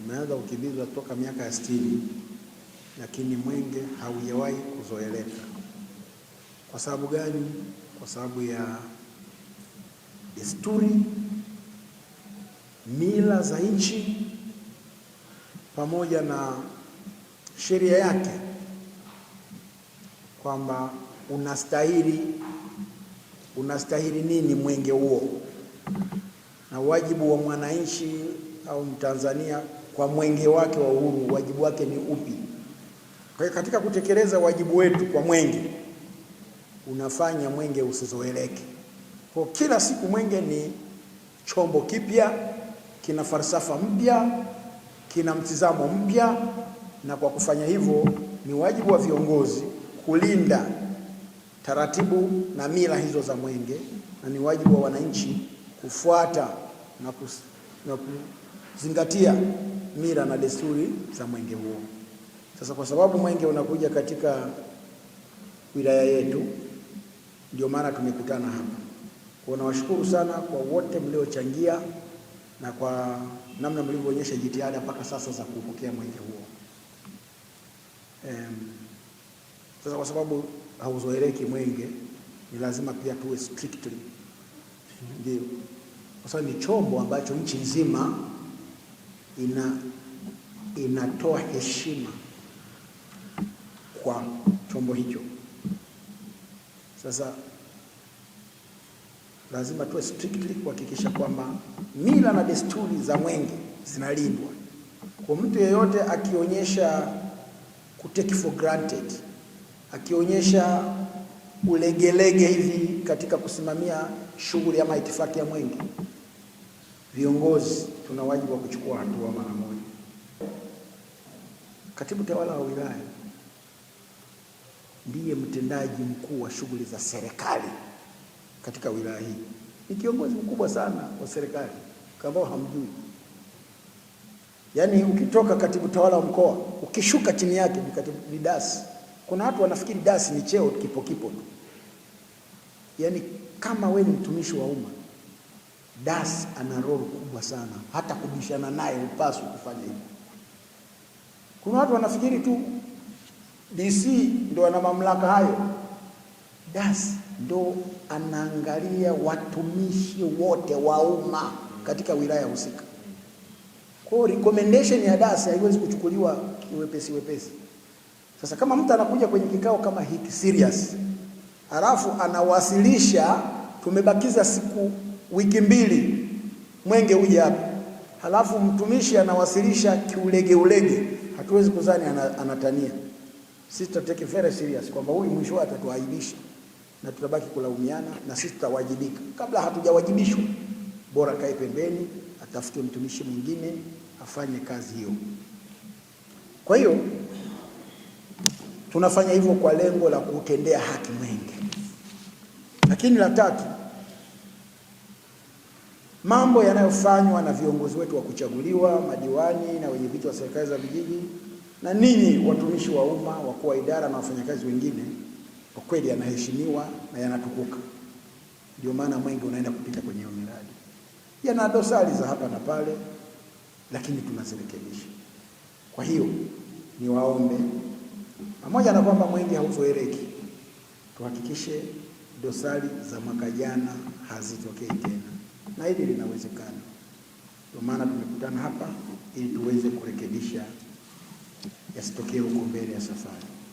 Umeanza ukimbizi toka miaka ya sitini, lakini mwenge haujawahi kuzoeleka. Kwa sababu gani? Kwa sababu ya desturi, mila za nchi pamoja na sheria yake, kwamba unastahili unastahili nini mwenge huo na wajibu wa mwananchi au Mtanzania kwa mwenge wake wa uhuru, wajibu wake ni upi? Kwa hiyo katika kutekeleza wajibu wetu kwa mwenge, unafanya mwenge usizoeleke. Kwa kila siku mwenge ni chombo kipya, kina falsafa mpya, kina mtizamo mpya, na kwa kufanya hivyo ni wajibu wa viongozi kulinda taratibu na mila hizo za mwenge, na ni wajibu wa wananchi kufuata na, kus, na zingatia mira na desturi za mwenge huo. Sasa kwa sababu mwenge unakuja katika wilaya yetu, ndio maana tumekutana hapa. Kwa nawashukuru sana kwa wote mliochangia na kwa namna mlivyoonyesha jitihada mpaka sasa za kupokea mwenge huo. Um, sasa kwa sababu hauzoeleki mwenge, ni lazima pia tuwe strictly, ndio kwa sababu ni chombo ambacho nchi nzima ina inatoa heshima kwa chombo hicho. Sasa lazima tuwe strictly kuhakikisha kwamba mila na desturi za Mwenge zinalindwa. Kwa mtu yeyote akionyesha kuteki for granted, akionyesha ulegelege hivi katika kusimamia shughuli ama itifaki ya Mwenge viongozi tuna wajibu wa kuchukua hatua mara moja. Katibu tawala wa wilaya ndiye mtendaji mkuu wa shughuli za serikali katika wilaya hii, ni kiongozi mkubwa sana wa serikali ambao hamjui. Yaani ukitoka katibu tawala wa mkoa ukishuka chini yake ni katibu, ni dasi. Kuna watu wanafikiri dasi ni cheo kipo kipo tu. Yaani kama wewe ni mtumishi wa umma Das ana roho kubwa sana, hata kubishana naye upaswi kufanya hivyo. Kuna watu wanafikiri tu DC ndo ana mamlaka hayo. Das ndo anaangalia watumishi wote wa umma katika wilaya husika. Kwa hiyo recommendation ya das haiwezi kuchukuliwa kiwepesi wepesi. Sasa kama mtu anakuja kwenye kikao kama hiki serious, alafu anawasilisha tumebakiza siku wiki mbili, mwenge uje hapa, halafu mtumishi anawasilisha kiulege ulege hatuwezi kuzani anatania. Sisi tutateke very serious kwamba huyu mwisho atatuaibisha na tutabaki kulaumiana, na sisi tutawajibika. Kabla hatujawajibishwa, bora kae pembeni, atafute mtumishi mwingine afanye kazi hiyo. Kwa hiyo tunafanya hivyo kwa lengo la kutendea haki mwenge. Lakini la tatu mambo yanayofanywa na viongozi wetu wa kuchaguliwa, madiwani na wenye viti wa serikali za vijiji, na ninyi watumishi wa umma, wakuu wa idara na wafanyakazi wengine, kwa kweli yanaheshimiwa na yanatukuka. Ndio maana mwenge unaenda kupita kwenye hiyo miradi. Yana dosari za hapa na pale, lakini tunazirekebisha. Kwa hiyo niwaombe, pamoja na kwamba mwenge hauzoeleki, tuhakikishe dosari za mwaka jana hazitokei tena na hili linawezekana. Ndio maana tumekutana hapa ili tuweze kurekebisha yasitokee huko mbele ya safari.